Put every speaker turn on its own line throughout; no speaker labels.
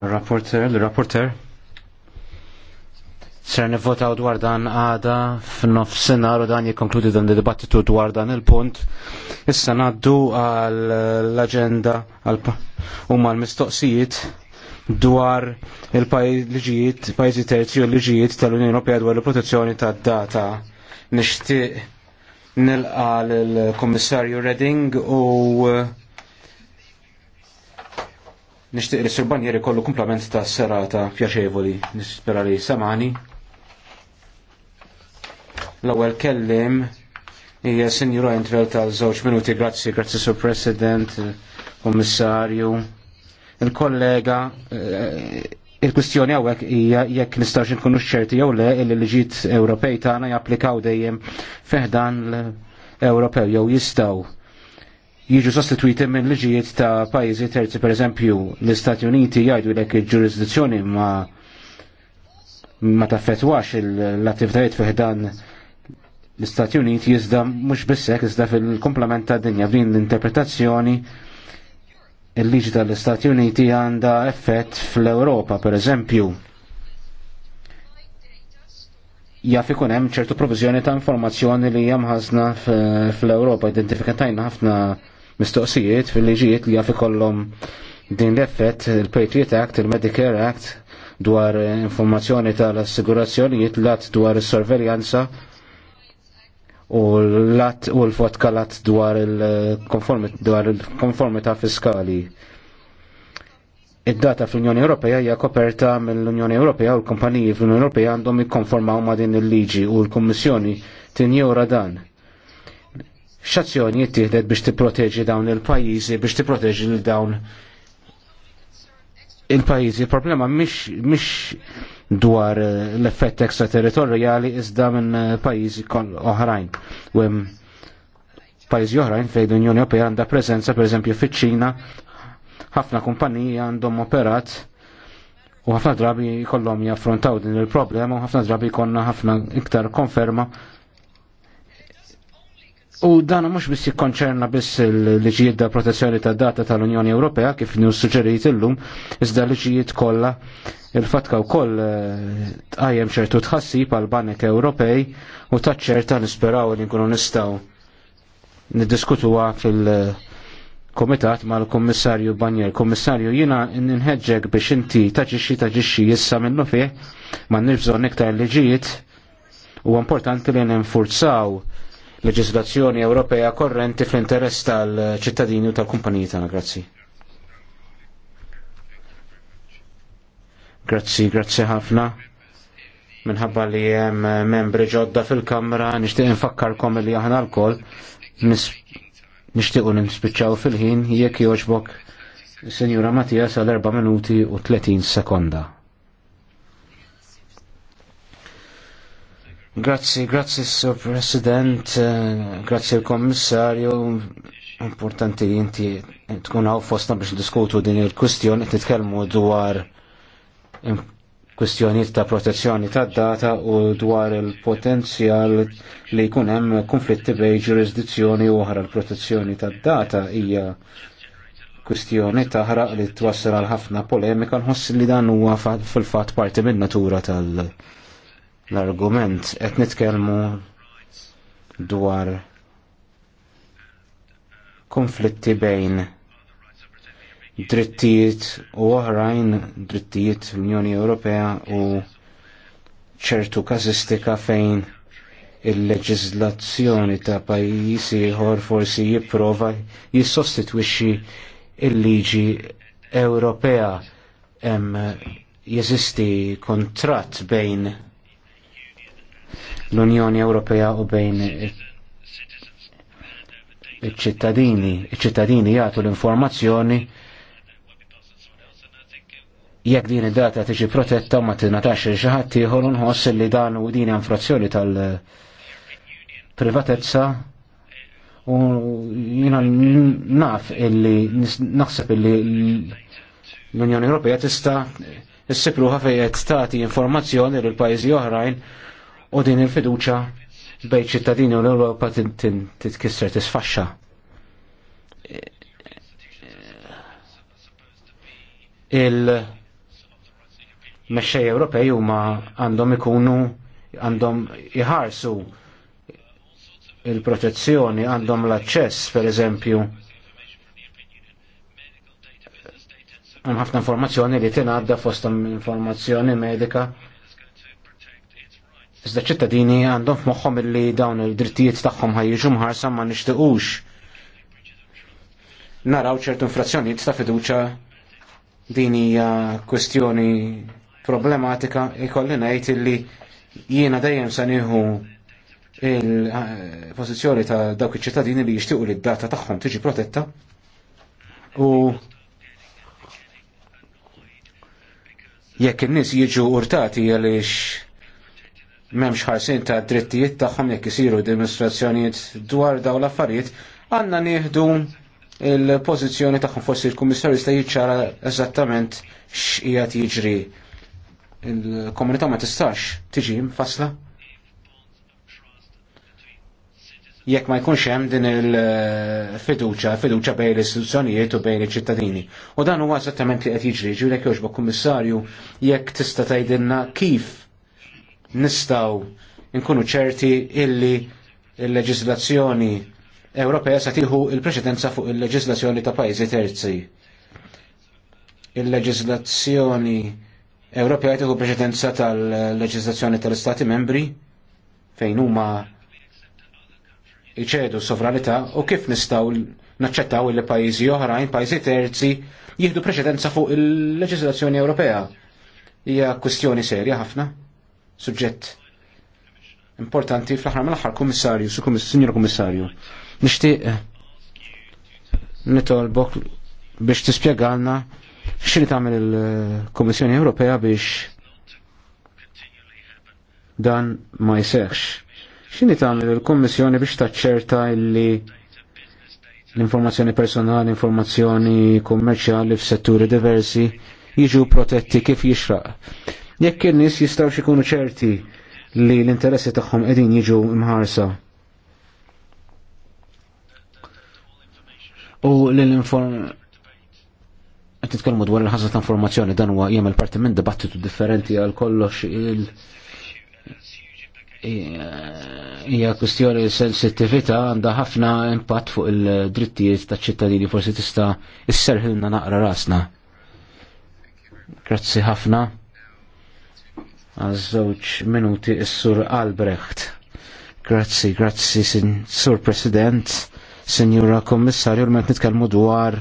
Rapporter, l-rapporter. Ser nivvotaw dwar dan għada senar u dan jikkonkludi dan id-dibattitu dwar dan il-punt. Issa ngħaddu għall-aġenda huma l-mistoqsijiet dwar il-liġijiet, pajjiżi terzi u l-liġijiet tal-Unjoni Ewropea dwar il-protezzjoni tad-data. Nixtieq nilqa l-Kummissarju Reding u Nishtiq li Sirbanjeri kollu komplement ta' serata pjaċevoli, nispera li samani. L-ewwel kellim hija Sinjura Entrel tal żewġ minuti, grazzi, grazzi Sur President, Kommissarju. Il-kollega eh, il-kwistjoni għawek hija jekk nistax nkunu xċerti jew le il-liġijiet Ewropej tagħna japplikaw dejjem feħdan l-Ewropew jew jistgħu jiġu sostituiti minn liġijiet ta' pajjiżi terzi, per eżempju, l-Istati Uniti jgħidu l il-ġurisdizzjoni ma ma taffetwax l-attivitajiet dan l-Istati Uniti jizda mux bissek, jizda fil-komplement ta' dinja f'din l-interpretazzjoni il-liġi tal-Istati Uniti għanda effett fl-Europa, per eżempju. Jaf ikun hemm ċertu provizjoni ta' informazzjoni li jamħazna fl-Ewropa, identifikatajna ħafna mistoqsijiet fil-liġijiet li jaf kollom din l-effett il-Patriot Act, il-Medicare Act dwar informazzjoni tal-assigurazzjonijiet lat dwar is-sorveljanza u l-lat u l-fotka lat dwar il konformita il fiskali. Id-data fl-Unjoni Ewropea hija koperta mill-Unjoni Ewropea u l-kumpaniji fl-Unjoni Ewropea għandhom jikkonformaw ma' din il-liġi u l-Kummissjoni tinjura dan x'azzjoni jittieħdet biex tipproteġi dawn il-pajjiżi biex tipproteġi lil dawn il-pajjiżi. Il-problema mhix dwar l-effett ekstraterritorjali iżda minn pajjiżi oħrajn. U pajjiżi oħrajn fejn l-Unjoni Ewropea għandha preżenza pereżempju fiċ-Ċina ħafna kumpaniji għandhom operat u ħafna drabi kollhom jaffrontaw din il-problema u ħafna drabi konna ħafna iktar konferma U dan mhux biss jikkonċerna biss il-liġijiet da protezzjoni ta' data tal-Unjoni Ewropea kif ni suġġerit illum, iżda liġijiet kollha il-fatka wkoll eh, tqajjem ċertu tħassib pal banek Ewropej u taċċerta nisperaw li nkunu nistgħu niddiskutuha fil-Komitat mal-Kummissarju Banjer. Kummissarju jiena nħeġġek biex inti taġixxi taġixxi issa minnu fieħ, ma nifżon iktar liġijiet u importanti li ninfurzaw leġislazzjoni Ewropea korrenti fl-interess tal-ċittadini u tal-kumpaniji tagħna. Grazzi. Grazzi, grazzi ħafna. Minħabba li hemm membri ġodda fil-Kamra nixtieq infakkarkom li aħna lkoll nixtiequ nispiċċaw fil-ħin jekk jogħġbok Sinjura Mattias għal 4 minuti u 30 sekonda. Grazzi, grazzi Sur President, eh, grazzi l-Kommissarju, importanti inti tkun għaw fostna biex diskutu din il-kustjoni, titkelmu dwar kwestjonijiet ta' protezzjoni ta' data u dwar il-potenzjal li jkun hemm konflitti bej ġurisdizzjoni u oħra l-protezzjoni ta' data hija ta' taħraq li twassal għal ħafna polemika nħoss li dan huwa fil-fatt parti minn natura tal- l-argument qed nitkellmu dwar konflitti bejn drittijiet u oħrajn drittijiet l-Unjoni Ewropea u ċertu kazistika fejn il-leġizlazzjoni ta' pajjiżi ieħor forsi jipprova jissostitwixxi il-liġi Ewropea hemm jeżisti kontratt bejn l-Unjoni Ewropea u bejn iċ-ċittadini. Iċ-ċittadini jagħtu l-informazzjoni jekk din id-data tiġi protetta ma tingħatax il xi ħadd ieħor nħoss li dan u din infrazzjoni tal-privatezza u jina naf illi naħseb illi l-Unjoni Ewropea tista' issipruha fejn qed tagħti informazzjoni lil pajjiżi oħrajn u din il-fiduċa bej ċittadini u l-Europa titkisser tisfaxxa. Il-mexxej Ewropej huma għandhom ikunu għandhom iħarsu il-protezzjoni, għandhom l-aċċess, per eżempju, hemm ħafna informazzjoni li tingħadda fost informazzjoni medika Iżda ċittadini għandhom f'moħħom illi dawn il-drittijiet tagħhom ħajjiġu mħarsa ma nixtiequx naraw ċertu infrazzjonijiet ta' fiduċa din hija kwestjoni problematika ikolli ngħid illi jiena dejjem se nieħu il-pożizzjoni ta' dawk iċ-ċittadini li jixtiequ li d-data tagħhom tiġi protetta u jekk in-nies jiġu urtati għaliex memx ħarsin ta' drittijiet tagħhom jekk isiru dimostrazzjonijiet dwar daw l-affarijiet, għandna nieħdu il-pożizzjoni tagħhom forsi l-Kummissarju jista' jiċċara eżattament x'qiegħed jiġri. Il-komunità ma tistax tiġi mfassla. Jekk ma jkunx hemm din il-fiduċa, fiduċa bejn l-istituzzjonijiet u bejn iċ-ċittadini. U dan huwa eżattament li qed jiġri, ġurek jogħġbok kummissarju jekk tista' tgħidilna kif nistaw nkunu ċerti illi il-leġislazzjoni Ewropea sa tieħu il-preċedenza fuq il-leġislazzjoni ta' pajjiżi terzi. Il-leġislazzjoni Ewropea tiħu preċedenza tal-leġislazzjoni tal-Istati membri fejn huma iċedu sovranità u kif nistaw naċċettaw il pajjiżi oħrajn, pajjiżi terzi, jieħdu preċedenza fuq il-leġislazzjoni Ewropea. Hija kwestjoni serja ħafna suġġett importanti fl-aħħar mal aħħar kummissarju, su sinjor komissarju. Nixtieq eh, nitolbok biex tispjegalna x'inhi tagħmel il-Kummissjoni Ewropea biex dan ma jsehx. X'inhi tagħmel il-Kummissjoni biex taċċerta li l-informazzjoni personali, informazzjoni kummerċjali f'setturi diversi jiġu protetti kif jixraq jekk il nies jistgħu xikunu ċerti li l-interessi tagħhom qegħdin jiġu mħarsa. U l-inform qed titkellmu dwar il-ħaża ta' informazzjoni dan huwa jagħmel parti minn dibattitu differenti għal kollox il hija kwistjoni sensittività għandha ħafna impatt fuq il-drittijiet taċ ċittadini forsi tista' isserħilna naqra rasna. Grazzi ħafna għaż-żewġ minuti s-sur Albrecht. Grazzi, grazzi, sur President, Sinjura Kommissarju, l-ment nitkellmu dwar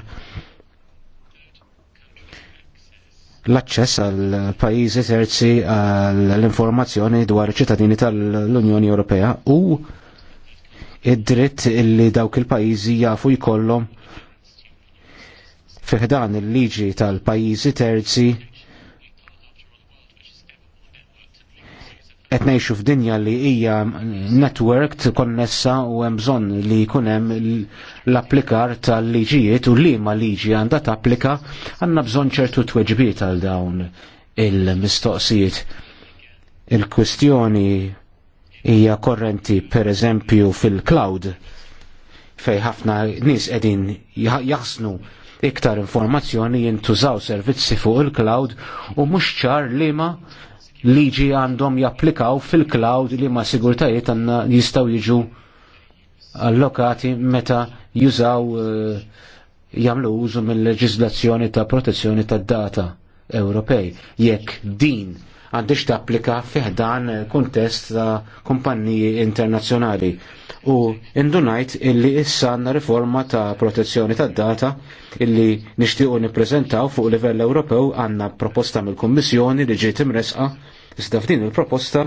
l-aċċess għal pajjiżi terzi għall informazzjoni dwar ċittadini tal-Unjoni Ewropea u id-dritt illi dawk il-pajjiżi jafu jkollhom fiħdan il-liġi tal-pajjiżi terzi qed ngħixu f'dinja li hija networked konnessa u hemm bżonn li jkun hemm l-applikar tal-liġijiet u liema liġi għandha tapplika għandna bżonn ċertu tweġbiet għal dawn il-mistoqsijiet. Il-kwistjoni hija korrenti pereżempju fil-cloud fej ħafna nies qegħdin jaħsnu iktar informazzjoni jintużaw servizzi fuq il-cloud u mhux ċar liema liġi għandhom japplikaw fil-cloud li ma sigurtajiet għanna jistaw jiġu allokati meta jużaw eh, jamlu użu mill-leġizlazzjoni ta' protezzjoni ta' data Ewropej. Jekk din għandix ta' applika fiħdan kontest ta' kumpanniji internazzjonali. U indunajt illi issa għanna riforma ta' protezzjoni ta' data illi nishtiqo niprezentaw fuq livell Ewropew għanna proposta mill-Kommissjoni li ġiet imresqa Iżda f'din il-proposta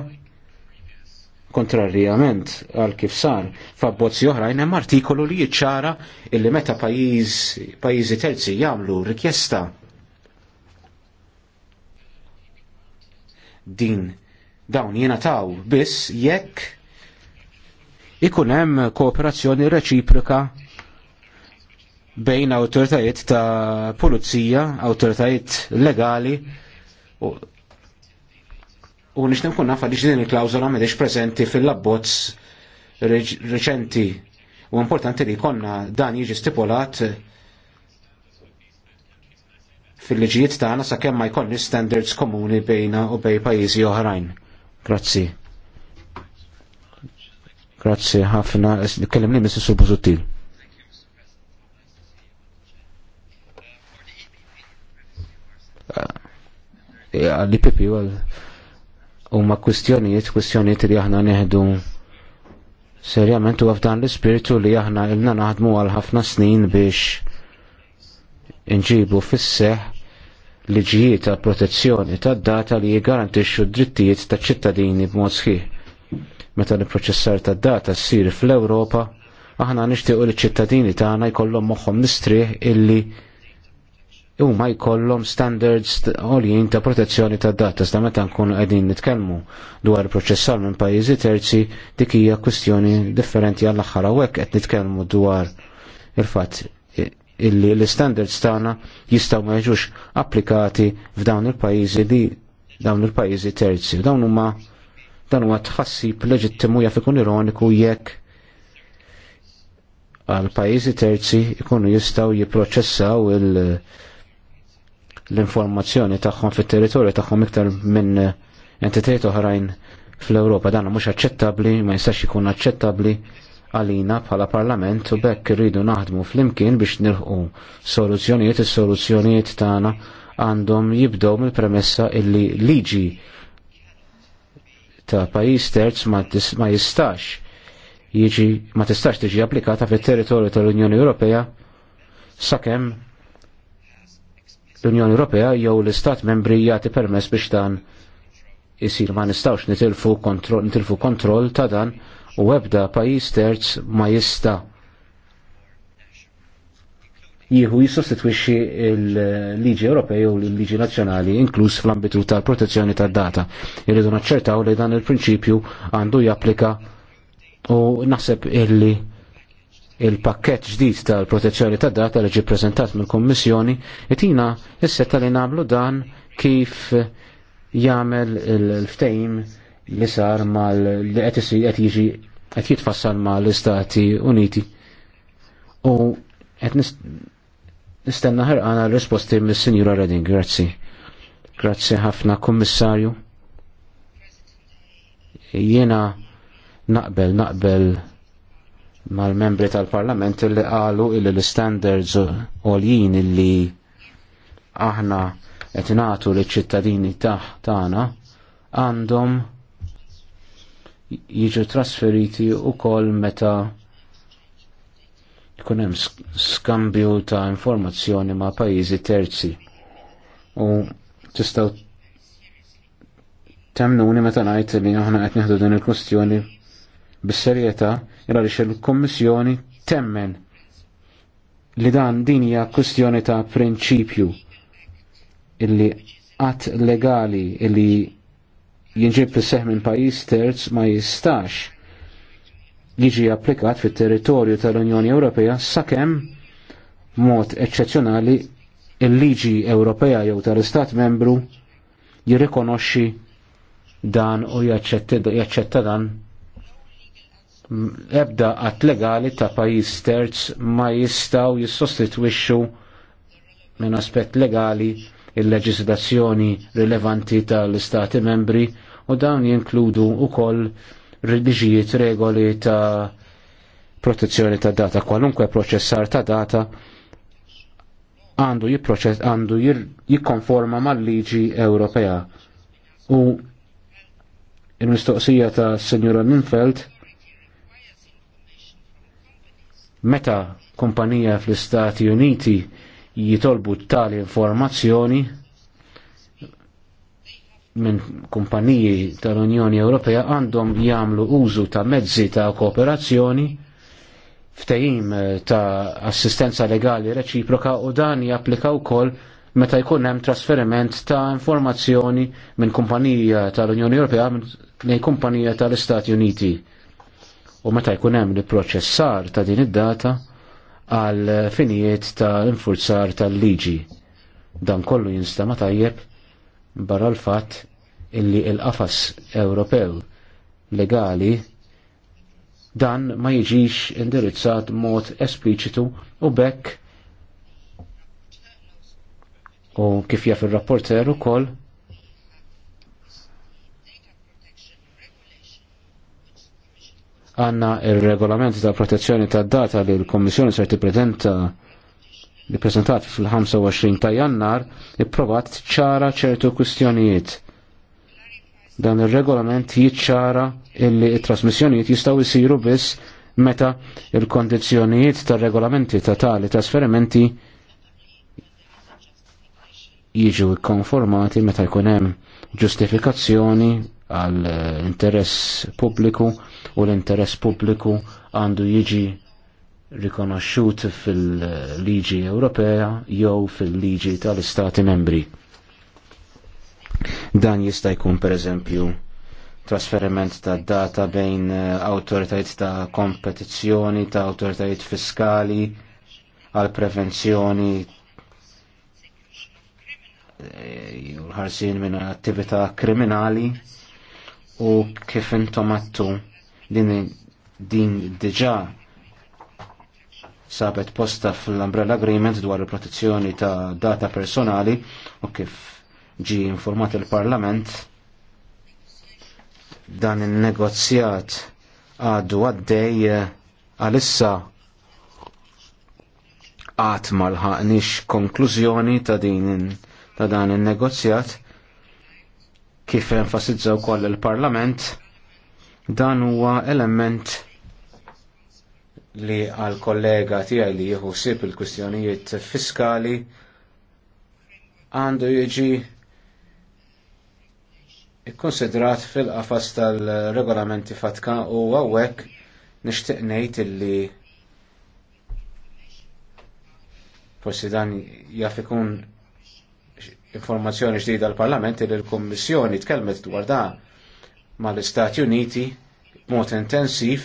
kontrarjament għal kif sar f'abbozzi oħrajn hemm artikolu li jiċċara illi meta pajjiżi terzi jagħmlu rikjesta din dawn jingħataw biss jekk ikun hemm kooperazzjoni reċiproka bejn awtoritajiet ta' pulizija, awtoritajiet legali u U nixtem kun nafa li din il-klawzola medix prezenti fil-labbozz reċenti. U importanti li konna dan jiġi stipulat fil-liġijiet tagħna sakemm ma jkollni standards komuni bejna u bej pajjiżi oħrajn. Grazzi. Grazzi ħafna, kellimni Mr. Subuzutil. Ah, L-IPP, u ma kwistjonijiet, kwistjonijiet li aħna neħdu serjament u għafdan l spiritu li aħna ilna naħdmu għal ħafna snin biex inġibu fisseħ ġijiet ta' protezzjoni ta' data li jgarantixxu d-drittijiet ta' ċittadini b'mod sħiħ. Meta l-proċessar ta' data ssir fl-Ewropa, aħna nixtiequ li ċittadini tagħna jkollhom moħħhom nistrieħ illi huma jkollhom standards għoljin ta' protezzjoni ta' data sta' meta nkunu qegħdin nitkellmu dwar proċessar minn pajjiżi terzi dik hija kwistjoni differenti għall aħħar għek qed nitkellmu dwar il-fatt illi l-standards tagħna jistgħu ma jiġux applikati f'dawn il-pajjiżi li dawn il-pajjiżi terzi. Dawn huma dan huwa tħassib leġittimu jafikun ironiku jekk għal pajjiżi terzi ikunu jistgħu jipproċessaw il- l-informazzjoni tagħhom fit-territorju tagħhom iktar minn entitajiet oħrajn fl-Ewropa. Dan mhux aċċettabbli, ma jistax ikun aċċettabbli għalina bħala parlament u bekk irridu naħdmu fl-imkien biex nilħu soluzzjonijiet, is-soluzzjonijiet tagħna għandhom jibdew mill-premessa illi liġi ta' pajjiż terz ma jistax jiġi ma tistax tiġi applikata fit-territorju tal-Unjoni Ewropea sakemm l-Unjoni Ewropea jew l-Istat membri jagħti permess biex dan isir ma nistawx nitilfu kontroll nitilfu kontroll ta' dan u ebda pajjiż terz ma jista' jieħu jissostitwixxi l-liġi Ewropej u l-liġi nazzjonali inkluż fl-ambitu tal-protezzjoni tad-data. Irridu naċċertaw li dan il-prinċipju għandu japplika u naħseb illi il-pakket ġdid tal-protezzjoni tad data li ġi prezentat mill kommissjoni itina is li nagħmlu dan kif jagħmel il-ftejm li sar mal li qed jiġi qed jitfassal mal-Istati Uniti. U qed nistenna ħerqana risposti mis-Sinjura Redding, grazzi. Grazzi ħafna Kummissarju. Jiena naqbel naqbel mal-membri tal-parlament illi qalu illi l-standards l-jien illi aħna qed li ċittadini tagħna għandhom jiġu trasferiti wkoll meta jkun hemm skambju ta' informazzjoni ma' pajjiżi terzi. U tistaw temnuni meta ngħid li aħna qed nieħdu din il kustjoni bis-serjetà jara li il-Kommissjoni temmen li dan din hija kwestjoni ta' prinċipju illi att legali illi jinġib fis-seħ minn pajjiż terz ma jistax jiġi applikat fit-territorju tal-Unjoni Ewropea sakemm mod eċċezzjonali il-liġi Ewropea jew tal-Istat membru jirrikonoxxi dan u jaċċetta dan ebda għat legali ta' pajis terz ma jistaw jissostitwixxu minn aspett legali il-leġislazzjoni rilevanti tal-istati membri u dawn jinkludu koll reliġijiet regoli ta' protezzjoni ta' data, kwalunkwe proċessar ta' data għandu għandu jikkonforma mal-liġi Ewropea. U il-mistoqsija ta' Senjora Minfeld Meta kumpanija fl-Istati Uniti jitolbu tali informazzjoni minn kumpaniji tal-Unjoni Ewropea għandhom jagħmlu użu ta' mezzi ta' kooperazzjoni ftehim ta' assistenza legali reċiproka u dan japplika wkoll meta jkun hemm trasferiment ta' informazzjoni minn kumpanija tal-Unjoni Ewropea lejn kumpanija tal-Istati Uniti u meta jkun hemm li ta' din id-data għal finijiet ta' infurzar tal-liġi. Dan kollu jinsta ma tajjeb barra l-fatt illi il-qafas Ewropew legali dan ma jiġix indirizzat mod espliċitu u bekk u kif jaf il-rapporter u koll għanna il-regolament ta' protezzjoni ta' data li l-Kommissjoni ser tippreżenta li prezentat fil-25 ta' jannar ipprovat ċara ċertu kwistjonijiet. Dan il-regolament jiċċara illi il trasmissjonijiet jistaw jisiru biss meta il-kondizjonijiet ta' regolamenti ta' tali trasferimenti jiġu konformati meta jkun hemm ġustifikazzjoni għal eh, interess pubbliku u l-interess pubbliku għandu jiġi rikonoxxut fil-liġi Ewropea jew fil-liġi tal-Istati membri. Dan jista' jkun pereżempju trasferiment ta' data bejn eh, awtoritajiet ta' kompetizzjoni, ta' awtoritajiet fiskali, għal prevenzjoni eh, ħarsin minn attività kriminali u kif intom għattu din, din diġa sabet posta fl-Umbrella Agreement dwar il-protezzjoni ta' data personali u kif ġi informat il-Parlament dan il-negozjat għadu għaddej eh, għalissa għat malħaqnix konklużjoni ta' din ta' dan il-negozjat kif enfasizza wkoll il-Parlament dan huwa element li għal kollega tiegħi li jieħu sib il-kwistjonijiet fiskali għandu jiġi ikkonsidrat fil-qafas tal-regolamenti fatka u għawek nishtiq ngħid illi forsi dan jaf ikun informazzjoni ġdida l-Parlament li l-Kommissjoni tkellmet dwar dan mal-Istati Uniti b'mod intensiv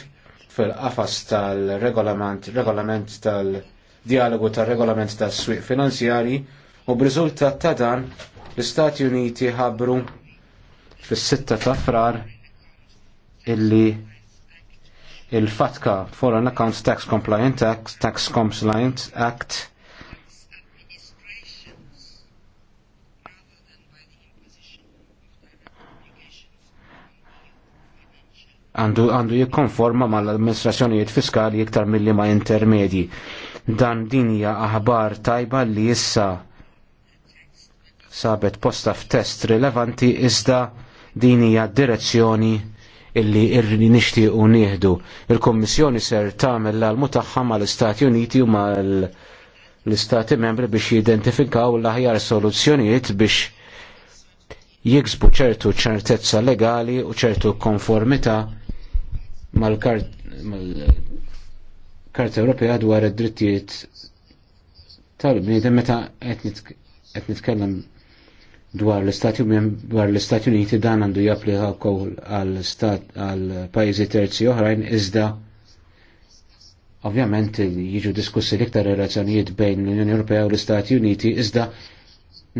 fil-qafas tal-regolament regolament tal-dialogu tal-regolament tas-swieq finanzjari u b'riżultat ta' dan l-Istati Uniti ħabru fis-sitta ta' frar illi il-fatka Foreign Accounts Tax Compliant Act, Tax Compliant Act għandu għandu jikkonforma mal-amministrazzjonijiet fiskali iktar mill ma intermedji. Dan din hija aħbar tajba li issa sabet posta f'test rilevanti iżda din hija direzzjoni illi irri nixtiequ nieħdu. Il-Kommissjoni ser tagħmel l-almu tagħha mal-Istati Uniti u mal-Istati Membri biex jidentifikaw l-aħjar soluzzjonijiet biex jiksbu ċertu ċertezza legali u ċertu konformità mal-Karta Ewropea dwar id-drittijiet tal-bniedem meta qed nitkellem dwar l-Istati dwar l-Istati Uniti dan għandu japplika wkoll għal stat għal pajjiżi terzi oħrajn iżda ovvjament jiġu diskussi l-iktar relazzjonijiet bejn l-Unjoni Ewropea u l-Istati Uniti iżda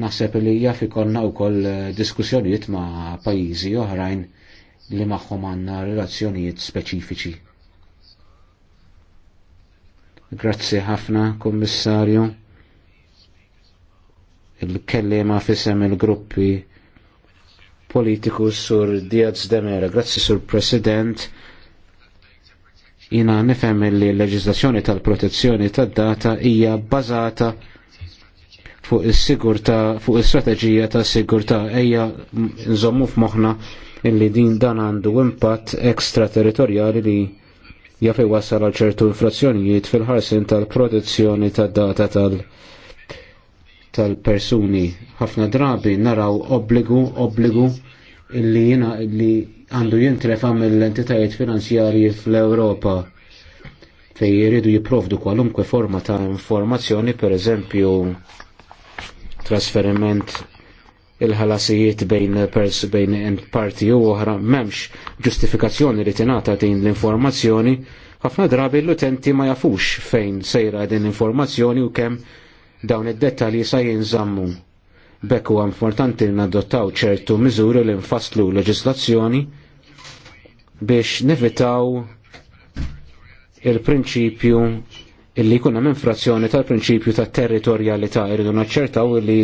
naħseb li jaf wkoll eh, diskussjonijiet ma' pajjiżi oħrajn li magħhom għandna relazzjonijiet speċifiċi. Grazzi ħafna, Kommissarju. Il-kellima fisem il-gruppi politiku sur Diaz Demera. Grazzi sur President. Jina nifhem li l-leġislazzjoni tal-protezzjoni tad-data hija bbażata fuq is-sigurta fuq is-strateġija tas-sigurta hija nżommu f'moħħna illi din dan għandu impatt ekstraterritorjali li jaf wasal għal ċertu infrazzjonijiet fil-ħarsin tal-protezzjoni tad-data tal- tal-persuni. ħafna drabi naraw obbligu, obbligu illi jina illi għandu jintrefa mill-entitajiet finanzjarji fl-Europa fej jiridu jiprovdu kwalunkwe forma ta' informazzjoni, per eżempju, trasferiment il-ħalasijiet bejn pers bejn parti u oħra memx ġustifikazzjoni li tingħata din l-informazzjoni, ħafna drabi l-utenti ma jafux fejn sejra din l-informazzjoni u kemm dawn id-dettalji sa jinżammu. Bekk huwa importanti li nadottaw ċertu miżuri li nfasslu leġislazzjoni biex nevitaw il-prinċipju illi jkun hemm infrazzjoni tal-prinċipju tat-territorjalità irridu naċċertaw li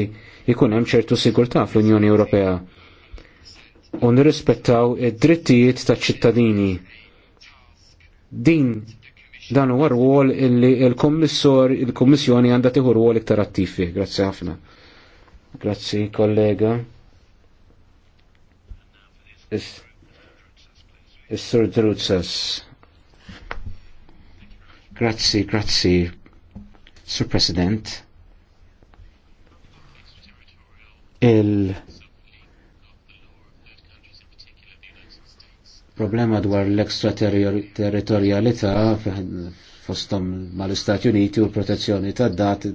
ikun hemm ċertu sigurtà fl-Unjoni Ewropea u nirrispettaw id-drittijiet taċ-ċittadini. Din dan huwa rwol illi l-Kummissor, il-Kummissjoni għandha tieħu rwol iktar attiv fih. Grazzi ħafna. Grazzi kollega. Is-Sur Drutzas. Grazzi, grazzi, Sur President. il problema dwar l extraterritorialità fostom mal-Istati Uniti u l-protezzjoni ta' dat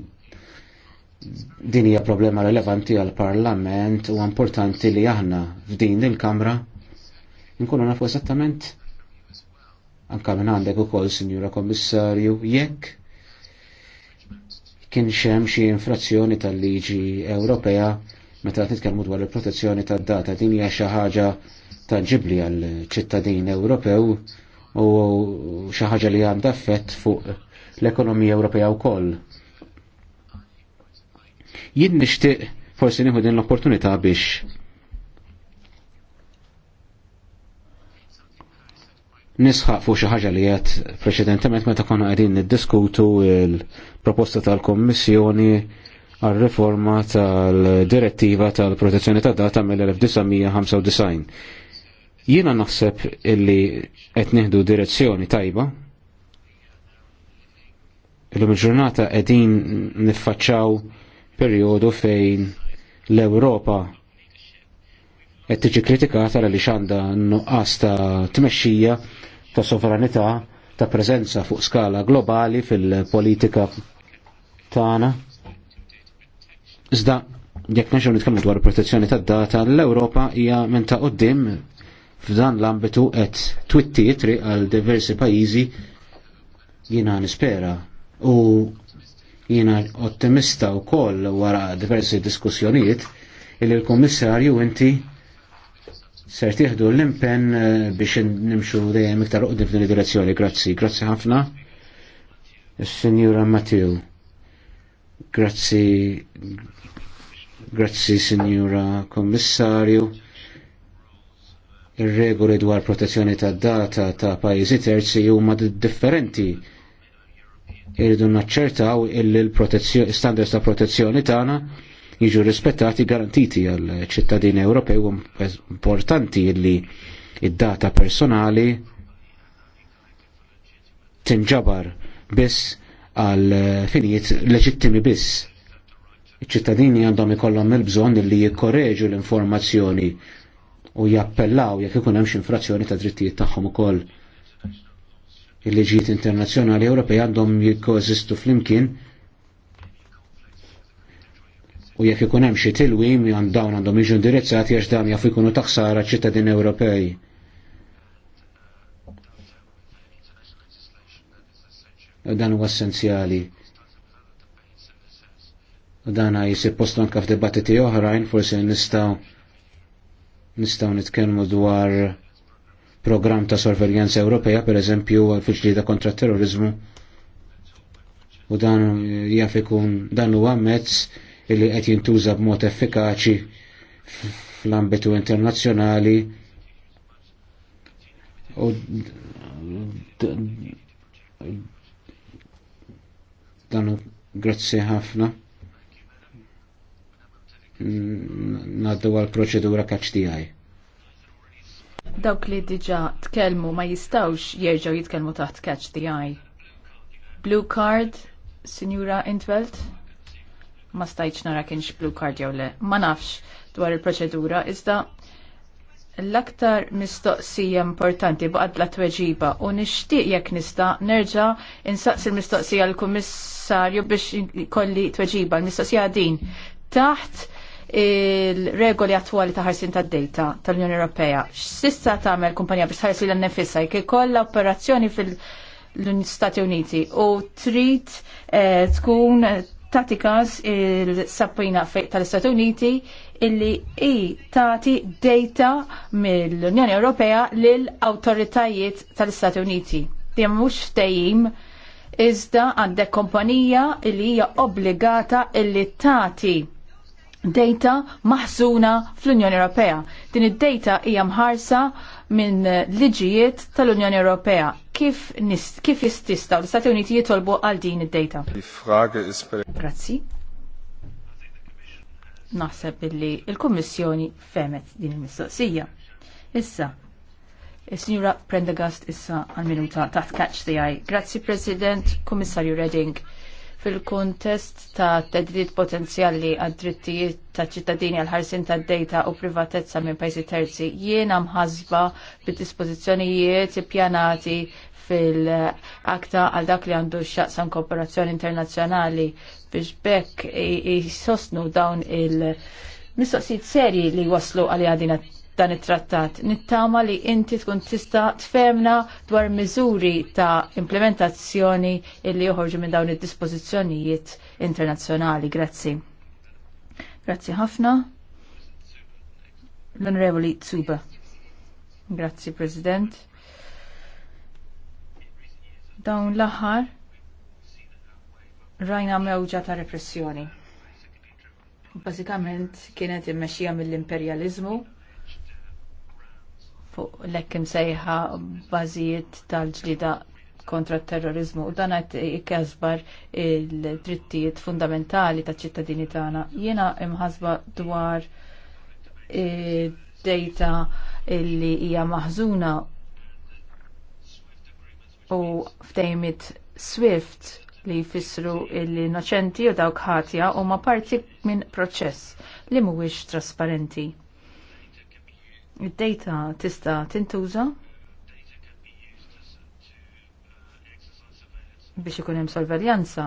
din hija problema rilevanti għal parlament u importanti li aħna f'din il-Kamra nkunu nafu esattament anka minn għandek ukoll Sinjura Kommissarju jekk kien xem xi infrazzjoni tal-liġi Ewropea meta titkellmu dwar il-protezzjoni tad-data din hija xi ħaġa tanġibli għal ċittadin Ewropew u xi ħaġa li għandha effett fuq l-ekonomija Ewropea wkoll. Jien nixtieq forsi nieħu din l-opportunità biex nisħaq fuq xi ħaġa li qed preċedentement meta konna qegħdin niddiskutu l proposta tal-Kommissjoni għal-reforma tal-direttiva tal-protezzjoni ta' data mill-1995. Jiena naħseb illi qed nieħdu direzzjoni tajba. Illum il-ġurnata qegħdin niffaċċaw perjodu fejn l-Ewropa qed tiġi kritikata li xanda nuqqas ta' tmexxija ta' sovranità ta' preżenza fuq skala globali fil-politika tagħna Iżda, jekk naġġu nitkellmu dwar protezzjoni tad-data, l-Ewropa hija minn ta' qudiem f'dan l-ambitu qed twitti jitri għal diversi pajjiżi jiena nispera u jiena ottimista wkoll wara diversi diskussjonijiet il l-Kummissarju inti ser tieħdu l-impenn eh, biex nimxu dejjem iktar qudiem f'din id-direzzjoni. Grazzi, grazzi ħafna. il sinjura Mattew. Grazzi, grazzi Signora Kommissarju. Ir-regoli dwar protezzjoni ta' data ta' pajjiżi terzi huma differenti. Irridu naċċertaw illi l-standards ta' protezzjoni tagħna jiġu rispettati garantiti għal ċittadini Ewropej u importanti li id-data personali tinġabar biss għal finijiet leġittimi biss. Iċ-ċittadini għandhom ikollhom il-bżonn li jikkoreġu l-informazzjoni u jappellaw jekk ikun hemm infrazzjoni ta' drittijiet tagħhom ukoll. Il-liġijiet internazzjonali Ewropej għandhom jikkożistu flimkien u jekk ikun hemm xi tilwim għandhom għandhom jiġu indirizzati għax dawn jafu jkunu taħsara ċittadini Ewropej dan huwa essenzjali. Dan jisib poston kaf dibattiti oħrajn, forse nistaw nistaw nitkellmu dwar program ta' sorveljanza Ewropea, per eżempju, fil-ġlida kontra terrorizmu. U dan jaf ikun dan huwa mezz illi qed jintuża b'mod effikaċi fl-ambitu internazzjonali u Dan grazzi ħafna. Naddu għal proċedura kaċ tiegħi.
Dawk li diġa tkellmu ma jistawx jerġgħu jitkellmu taħt catch tiegħi. Blue card, Signora Intveld? Ma stajċ nara kienx blue card jew le. Ma nafx dwar il-proċedura, iżda l-aktar mistoqsija importanti baqad la tweġiba u nixtieq jekk nista' nerġa' insaqsi l-mistoqsija l-Kumiss necessarju biex kolli tweġiba l-mistoqsija din taħt il-regoli attwali ta' ħarsin ta' data tal-Unjoni Ewropea. X'sissa tagħmel kumpanija biex ħarsi l nefissa jekk ikollha operazzjoni fil-Stati Uniti u trid eh, tkun tatikas il-sappina tal-Istati Uniti illi i tagħti data mill-Unjoni Ewropea lill awtoritajiet tal-Istati Uniti. Dejjem mhux ftehim iżda għandek kompanija li hija obbligata illi tagħti data maħżuna fl-Unjoni Ewropea. Din id-data hija mħarsa minn liġijiet tal-Unjoni Ewropea. Kif, nist, kif jististaw l-Stati Uniti jitolbu għal din id-data? Grazzi. Naħseb illi il-Kommissjoni femet din il-mistoqsija. Issa, Signora Prendegast issa għal-minuta taħt Catch the Eye. Grazzi President, Komissarju Redding. Fil-kontest ta' tedrit potenzjali għad drittijiet ta' ċittadini għal ħarsin ta' data u privatezza minn pajzi terzi, jiena mħazba bid-dispożizzjonijiet ippjanati fil-akta għal dak li għandu xaqsan kooperazzjoni internazzjonali biex bekk jisostnu dawn il- mistoqsijiet serji li waslu għal jadina dan it-trattat. Nittama li inti tkun tista tfemna dwar miżuri ta' implementazzjoni illi joħorġu minn dawn id-dispożizzjonijiet internazzjonali. Grazzi. Grazzi ħafna. L-Onorevoli Tsuba. Grazzi, President. Dawn l-aħħar rajna mewġa ta' repressjoni. Bażikament kienet immexxija mill-imperjaliżmu fuq l-ekkim sejħa bażijiet tal-ġlida kontra terrorizmu u dan qed ikkazbar il-drittijiet fundamentali ta' ċittadini tagħna. Jiena imħasba dwar data li hija maħżuna u ftejmit Swift li jfissru l-innoċenti u dawk ħatja huma parti minn proċess li mhuwiex trasparenti. Id-data tista' tintuża biex ikun hemm sorveljanza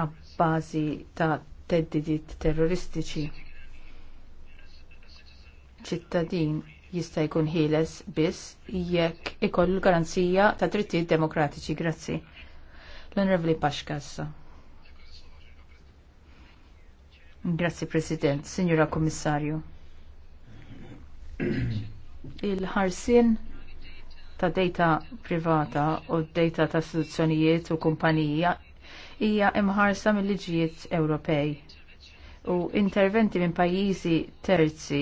għabbażi ta' teddidiet terroristiċi. ċittadin jista' jkun ħieles biss jekk ikollu l-garanzija ta' drittijiet demokratiċi. Grazzi. L-Onorevoli Paxkassa. Grazzi President, Signora Kommissarju. il-ħarsin ta' data privata u data ta' istituzzjonijiet u kumpanija hija imħarsa mill-liġijiet Ewropej u interventi minn pajjiżi terzi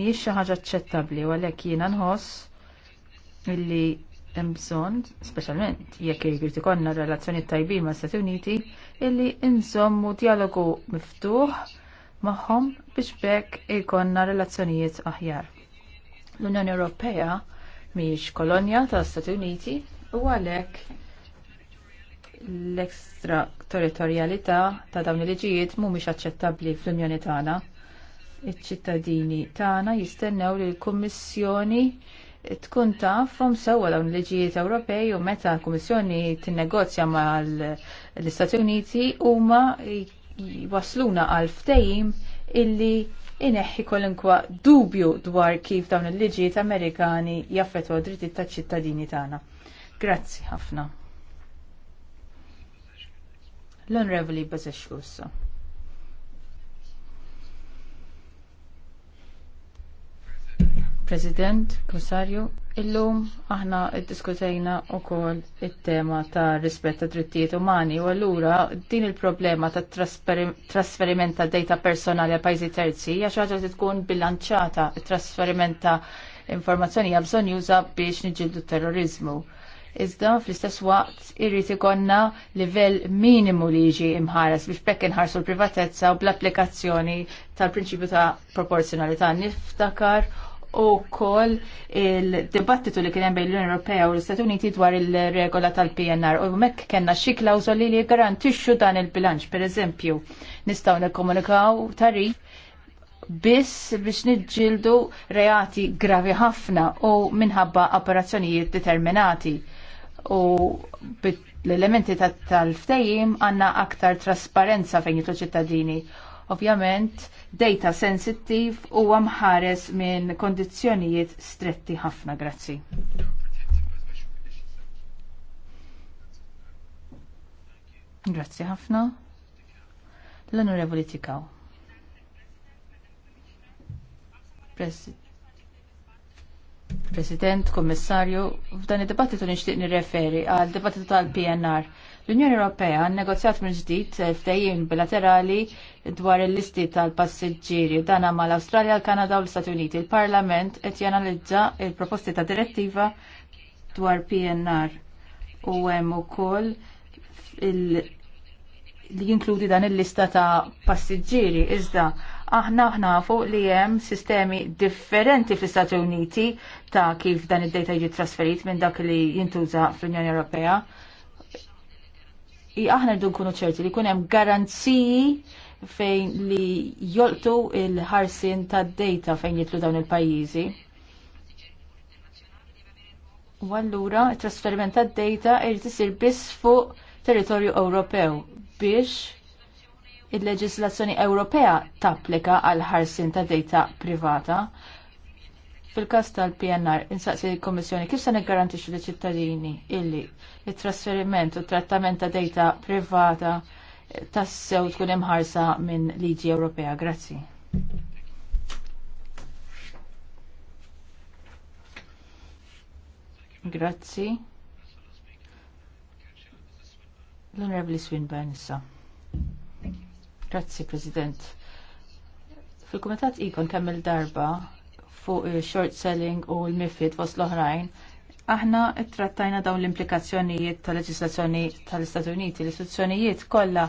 mhijiex xi ħaġa aċċettabbli u għalhekk jiena nħoss illi hemm bżonn, speċjalment jekk irid ikollna relazzjoni tajbin mal Stati Uniti, illi inżommu dialogu miftuħ magħhom biex bekk ikonna relazzjonijiet aħjar. L-Unjoni Ewropea mhijiex kolonja ta' Stati Uniti u għalhekk l-ekstra ta' dawn il-liġijiet mhumiex aċċettabbli fl-Unjoni tagħna. Iċ-ċittadini tagħna jistennew li l-Kummissjoni tkun tafhom sewwa dawn il-liġijiet Ewropej u meta l-Kummissjoni tinnegozja mal l-Istati Uniti huma jwasluna għal ftehim illi ineħħi kolinkwa dubju dwar kif dawn il-liġijiet Amerikani jaffetwa drittijiet taċ ċittadini tagħna. Grazzi ħafna. L-Onrevoli Bazesċusso. President, Commissario. Illum aħna diskutejna u koll il-tema ta' rispetta drittijiet umani u allura din il-problema ta' trasferiment ta' data personali għal pajzi terzi hija xi ħaġa li tkun bilanċata trasferiment ta' informazzjoni hija bżonn juża biex niġildu terrorizmu. Iżda fl-istess waqt irrid ikonna livell minimu li jiġi imħares biex bekk inħarsu l-privatezza u bl-applikazzjoni tal-prinċipju ta' proporzjonalità niftakar U koll il-dibattitu li kien hemm bejn l-Unjoni Ewropea u l-Istati Uniti dwar il-regola tal-PNR u hemmhekk kellna xi klawżoli li jgarantixxu dan il-bilanċ. Pereżempju, nistgħu nikkomunikaw tarif biss biex niġġieldu reati gravi ħafna u minħabba operazzjonijiet determinati u l-elementi tal-ftejim għanna aktar trasparenza fejn jitlu ċittadini Ovvjament, data sensittiv u għamħares minn kondizjonijiet stretti ħafna, grazzi. Grazzi ħafna. L-Onorevoli Tikaw. President. President, Kommissarju, f'dan id-dibattitu nixtieq nirreferi għal dibattitu tal-PNR. L-Unjoni Ewropea negozjat minn ġdid ftehim bilaterali dwar il-listi tal-passiġġieri dan mal l-Awstralja, l-Kanada u l-Stati Uniti. Il-Parlament qed janalizza il-proposti ta' direttiva dwar PNR u hemm ukoll li jinkludi dan il-lista ta' passiġġieri iżda aħna aħna fuq li hemm sistemi differenti fl-Istati Uniti ta' kif dan id-data jiġi trasferit minn dak li jintuża fl-Unjoni Ewropea. I aħna rridu nkunu ċerti li jkun hemm garanziji fejn li jolqtu il-ħarsin tad dejta fejn jitlu dawn il-pajjiżi. U allura t trasferiment tad dejta irid isir biss fuq territorju Ewropew biex il-leġislazzjoni Ewropea tapplika għal ħarsin tad-dejta privata Fil-kas tal-PNR, insaqsi l kummissjoni kif se niggarantixxu li ċittadini illi t trasferiment u trattament ta' data privata tassew tkun imħarsa minn liġi Ewropea? Grazzi. Grazzi. L-Onorevoli Swinburne issa. Grazzi, President. Fil-Kumitat Ikon kemm il-darba fuq short selling u l-mifid fost l-oħrajn, aħna trattajna dawn l-implikazzjonijiet tal-leġislazzjoni tal-Istati Uniti, l-istituzzjonijiet kollha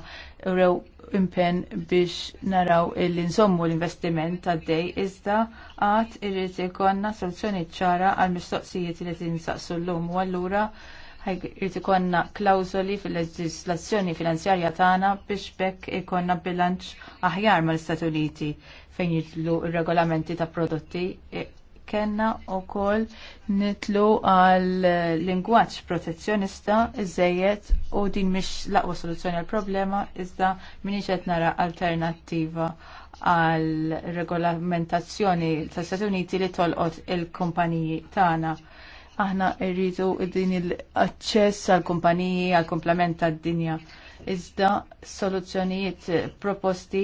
rew impen biex naraw l-inżommu l-investiment tad-dej iżda għat irrid ikonna soluzzjoni ċara għal mistoqsijiet li tinsaqsu l-lum u allura Irrid ikonna klawzoli fil-leġislazzjoni finanzjarja tagħna biex bekk ikonna bilanċ aħjar mal-Istati Uniti fejn jitlu regolamenti ta' prodotti e, kenna wkoll nitlu għal lingwaġġ protezzjonista iżejjed u din mhix l'aqwa soluzzjoni għall problema iżda minix qed nara alternattiva għal regolamentazzjoni tal stati Uniti li tolqot il-kumpaniji tagħna Aħna rridu din il-aċċess għal kumpaniji għal komplement tad-dinja. Iżda soluzzjonijiet proposti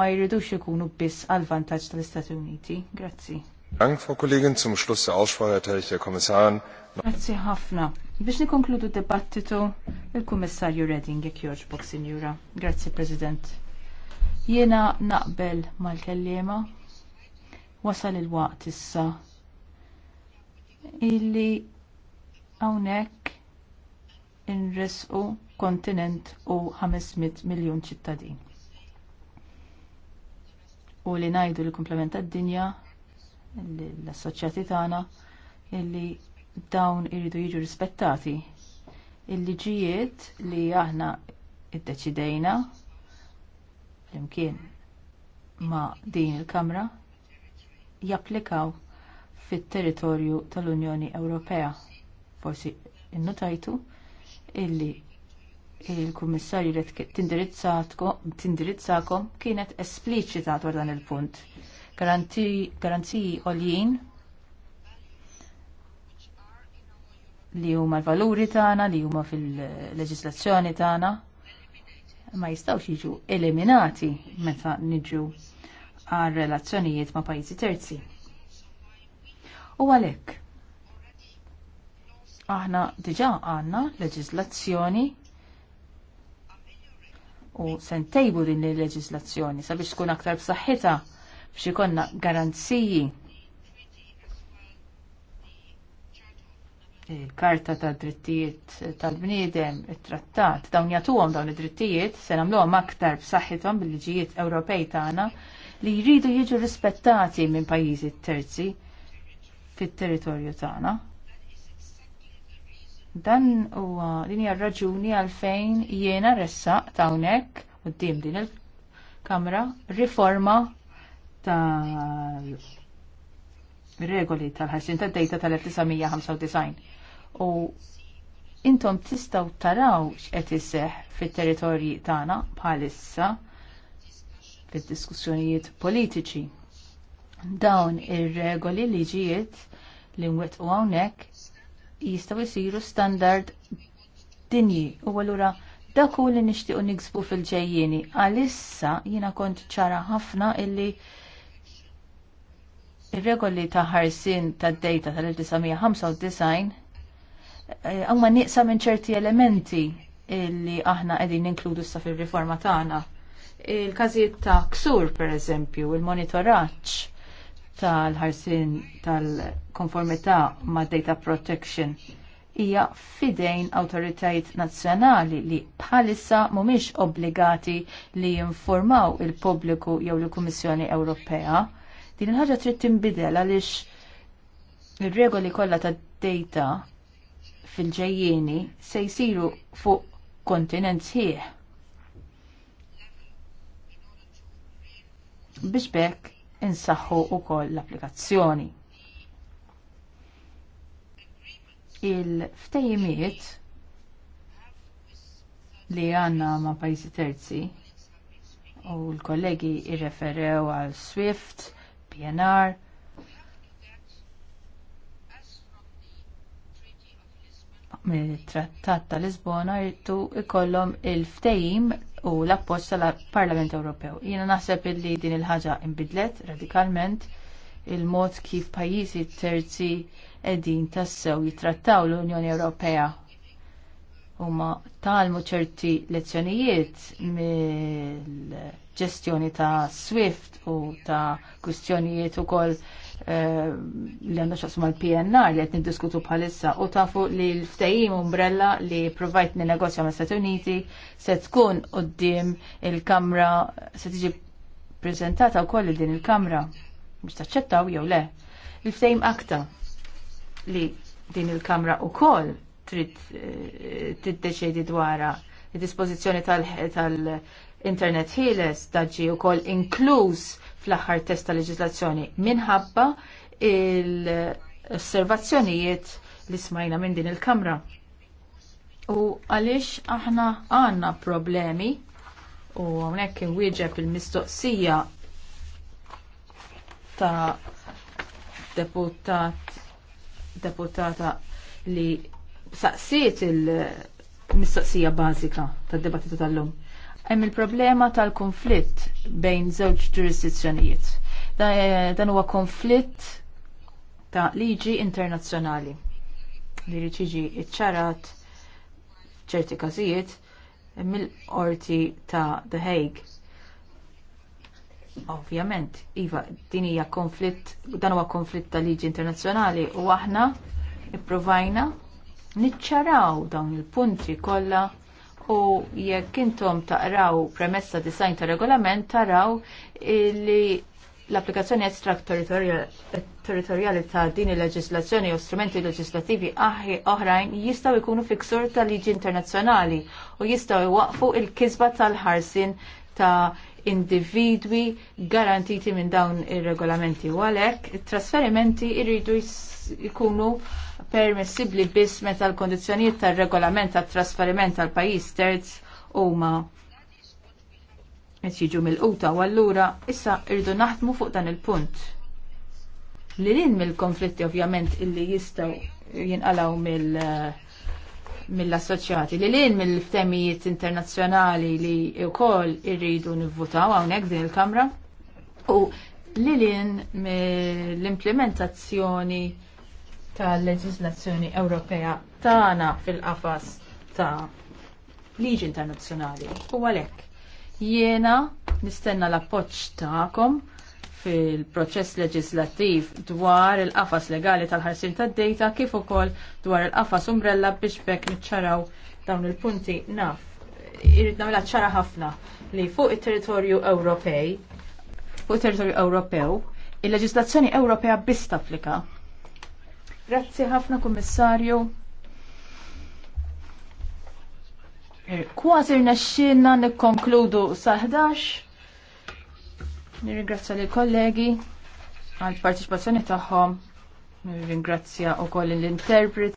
ma jridux ikunu biss għal vantaġġ tal-Istati Uniti. Grazzi. Dank, Frau Kollegin, zum Schluss der Aussprache erteile ich der Kommissarin. Grazie ħafna. Biex konkludu dibattitu, il-Kummissarju Redding jek joġbok, Sinjura. Grazie, President. Jena naqbel mal-kellima. Wasal il-waqt issa illi hawnhekk inresqu kontinent u 500 miljun ċittadin. U li ngħidu li komplementa d dinja l-assoċjati tagħna illi dawn iridu jiġu rispettati. Il-liġijiet li aħna iddeċidejna flimkien ma' din il-Kamra japplikaw fit-territorju tal-Unjoni Ewropea. Forsi innotajtu illi il-Kummissarju li tindirizzakom kienet espliċita dwar dan il-punt. Garanziji għoljin li huma l-valuri tagħna, li huma fil-leġislazzjoni tagħna, ma jistgħux jiġu eliminati meta niġu għal relazzjonijiet ma' pajjiżi terzi. U għalhekk aħna diġà għandna leġiżlazzjoni u sentejbu din il-leġiżlazzjoni sabiex tkun aktar b'saħħitha biex ikonna garanziji il-karta ta' drittijiet tal-bniedem, it trattat dawn jatuhom dawn id-drittijiet, se nagħmluhom aktar b'saħħithom bil-liġijiet Ewropej tagħna li jridu jiġu rispettati minn pajjiżi terzi fit-territorju tagħna. Dan huwa din hija raġuni għalfejn jiena ta' hawnhekk quddiem din il-Kamra riforma tal regoli tal-ħarsin tad dejta tal-1995. U intom tistaw taraw x'qed isseħ fit-territorji tagħna bħalissa fid-diskussjonijiet politiċi dawn ir-regoli li ġiet li nwettqu hawnhekk jistgħu jsiru standard dinji u allura dak li nixtiequ niksbu fil ġejjini għalissa jiena kont ċara ħafna illi ir-regoli ta' ħarsien tad-dejta tal-1995 eh, huma nieqsa minn ċerti elementi illi aħna qegħdin ninkludu issa fir-riforma tagħna. Il-każijiet ta' ksur, pereżempju, il-monitoraġġ tal-ħarsin tal-konformità ma' data protection hija fidejn awtoritajiet nazzjonali li bħalissa mhumiex obbligati li jinformaw il-pubbliku jew il-Kummissjoni Ewropea. Din il-ħaġa trid tinbidel għaliex ir-regoli kollha tad-data fil-ġejjieni se jsiru fuq kontinent sħiħ. Biex bekk insaħħu wkoll l-applikazzjoni. Il-ftejimiet li għandna ma' pajjiżi terzi u l-kollegi irreferew għal SWIFT, PNR, mill-trattat ta' Lisbona rritu ikollom il-ftehim u l-appoġġ tal-Parlament Ewropew. Jiena naħseb illi din il-ħaġa inbidlet radikalment il-mod kif pajjiżi terzi qegħdin tassew jittrattaw l-Unjoni Ewropea huma talmu ċerti lezzjonijiet mill-ġestjoni ta' Swift u ta' kwistjonijiet ukoll Eh, li għandna xasma l-PNR li għet niddiskutu bħalissa u tafu li l-ftajim umbrella li provajt negozja ma' Stati Uniti se tkun għoddim il-kamra se tiġi prezentata u koll din il-kamra biex taċċettaw jew le. Il-ftajim akta li din il-kamra u koll trid eh, tiddeċedi dwara il-dispozizjoni tal-internet ħieles daġi u koll inkluż fl-aħħar test ta' leġislazzjoni minħabba il-osservazzjonijiet li smajna minn din il-Kamra. U għaliex aħna għanna problemi u għonek kien wieġeb il-mistoqsija ta' deputat deputata li saqsiet il-mistoqsija bażika tad debattitu tal-lum Hemm il-problema tal-konflitt bejn żewġ ġurisdizzjonijiet. Eh, dan huwa konflitt ta' liġi internazzjonali li riċiġi iċċarat ċerti każijiet mill-qorti ta' The Hague. Ovvjament, iva, din hija konflitt, dan huwa konflitt ta' liġi internazzjonali u aħna ipprovajna niċċaraw dawn il-punti kollha u jekk intom taqraw premessa design ta' regolament taraw li l-applikazzjoni estraterritorjali ta' din il-leġislazzjoni u strumenti leġislativi aħi oħrajn jistaw ikunu fiksur ta' liġi internazzjonali u jistaw iwaqfu il-kizba tal-ħarsin ta' individwi garantiti minn dawn ir regolamenti u għalhekk it trasferimenti jridu jkunu permessibli biss meta l-kondizjonijiet tar-regolament tat-trasferiment tal-pajjiż terz huma qed jiġu mill-quta u allura issa rridu naħdmu fuq dan il-punt. Li lin mill-konflitti ovvjament illi jistgħu jinqalgħu mill- mill-assoċjati li lin mill-ftemijiet internazzjonali li wkoll irridu nivvutaw hawnhekk din il-Kamra u li lin mill-implementazzjoni tal-leġiżlazzjoni Ewropea tagħna fil-qafas ta' liġi internazzjonali. U għalhekk jiena nistenna l-appoġġ tagħkom fil-proċess leġislattiv dwar il-qafas legali tal-ħarsin tad-dejta kif ukoll dwar il-qafas umbrella biex bekk niċċaraw dawn il-punti naf. jrid nagħmilha ċara ħafna li fuq it-territorju Ewropej, fuq it-territorju Ewropew, il-leġislazzjoni Ewropea biss tapplika Grazzi ħafna kummissarju. Eh, kważi rnexxinna nikkonkludu sa 11. Nirringrazzja lill kollegi għall partiċipazzjoni tagħhom. Nirringrazzja wkoll l-interpreti.